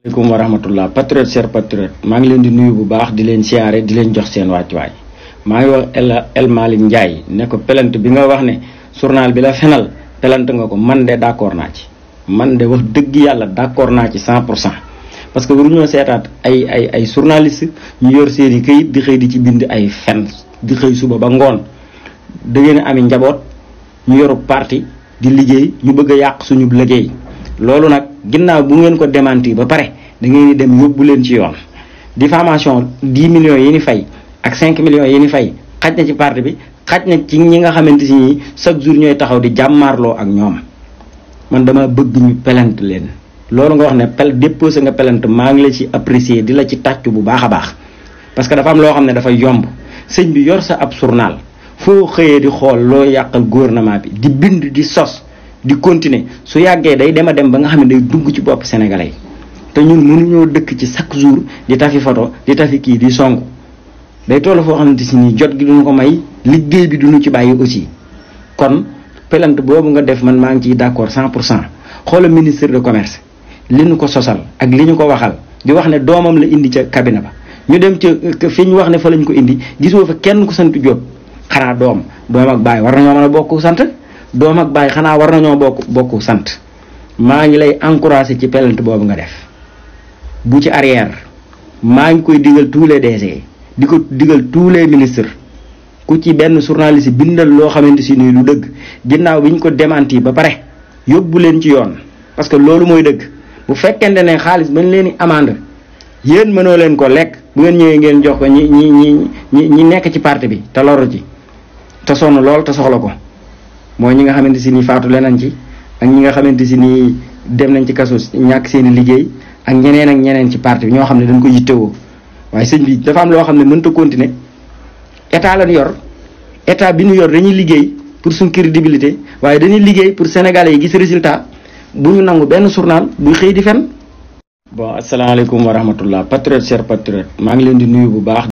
Assalamualaikum wa rahmatullah patriote cher patriote maa ngi len di nuyu bu baax di len siaré di len jox sen seen way ma ngi wax El malik Ndiaye ne ko pelante bi nga wax ne journal bi la fenal pelante nga ko man de d'accord na ci man de wax deug yalla d'accord na ci 100 parce que wuñu waruñoo sétat ay ay ay journaliste ñu yor seen kayit di xey di ci bind ay fen di xey suba ba ngon de ngeen ami njabot ñu yor parti di liggéey ñu bëgg yaq suñu liggéey loolu nag ginnaaw bu ngeen ko démenti ba pare da dem yóbbu leen ci yoon diffamation 10 millions yi ni fay ak cinq millions yi ni fay xaj na ci parti bi xaj na ci ñi nga xamante si nii chaque jour ñooy taxaw di jàmmaarloo ak ñoom man dama bëgg ñu pelante leen loolu nga wax ne pel déposé nga pelante maa ngi la ci apprécier di la ci tàccu bu baax a baax parce que dafa am loo xam ne dafa yomb sëñ bi yor sa ab journal foo xëyee di xool loo yàqal gouvernement bi di bind di sos di continuer su yàggee day dem a dem ba nga xam ne day dugg ci bopp sénégalais te ñun mënuñoo dëkk ci chaque jour di tafi photo di tafi kii di songu day toll foo xamante si nii jot gi duñu ko may liggéey bi duñu ci bàyyi aussi kon pelante boobu nga def man maa ngi ciy d'accord cent pour cent xoola ministre de commerce li ñu ko sosal ak li ñu ko waxal di wax ne doomam la indi ca cabinet ba ñu dem ca fi ñu wax ne fa lañu ko indi gisoo fa kenn ko sant Diop xanaa doom doom ak baay war sant doom ak baay xanaa war nañoo bokk bokk sant maa ngi lay encouragé ci pelante boobu nga def bu ci arrière maa ngi koy digal tous les DG di ko digal tous les ministres ku ci benn journaliste bindal loo xamante si nii lu dëgg ginnaaw bi ñu ko démenti ba pare yóbbu leen ci yoon parce que loolu mooy dëgg bu fekkente ne xaalis bañ leen di amande yéen mënoo leen ko lekk bu ngeen ñëwee ngeen jox ko ñi ñi ñi ñi nekk ci parti bi te loru ji te sonn lool te soxla ko mooy ñi nga xamante si ni faatu leneen ci ak ñi nga xamante si ni dem nañ ci kaso ñàkk seen liggéey ak ñeneen ak ñeneen ci parti bi ñoo xam ne dañ ko yittewoo waaye sëñ bi dafa am loo xam ne mënta continuer état lañ yor état bi ñu yor dañuy liggéey pour suñ crédibilité waaye dañuy liggéey pour sénégalais yi gis résultat bu ñu nangu benn journal buy xëy di fen bon asalaamaaleykum wa rahmatullah patriote cher patriote maa ngi leen di nuyu bu baax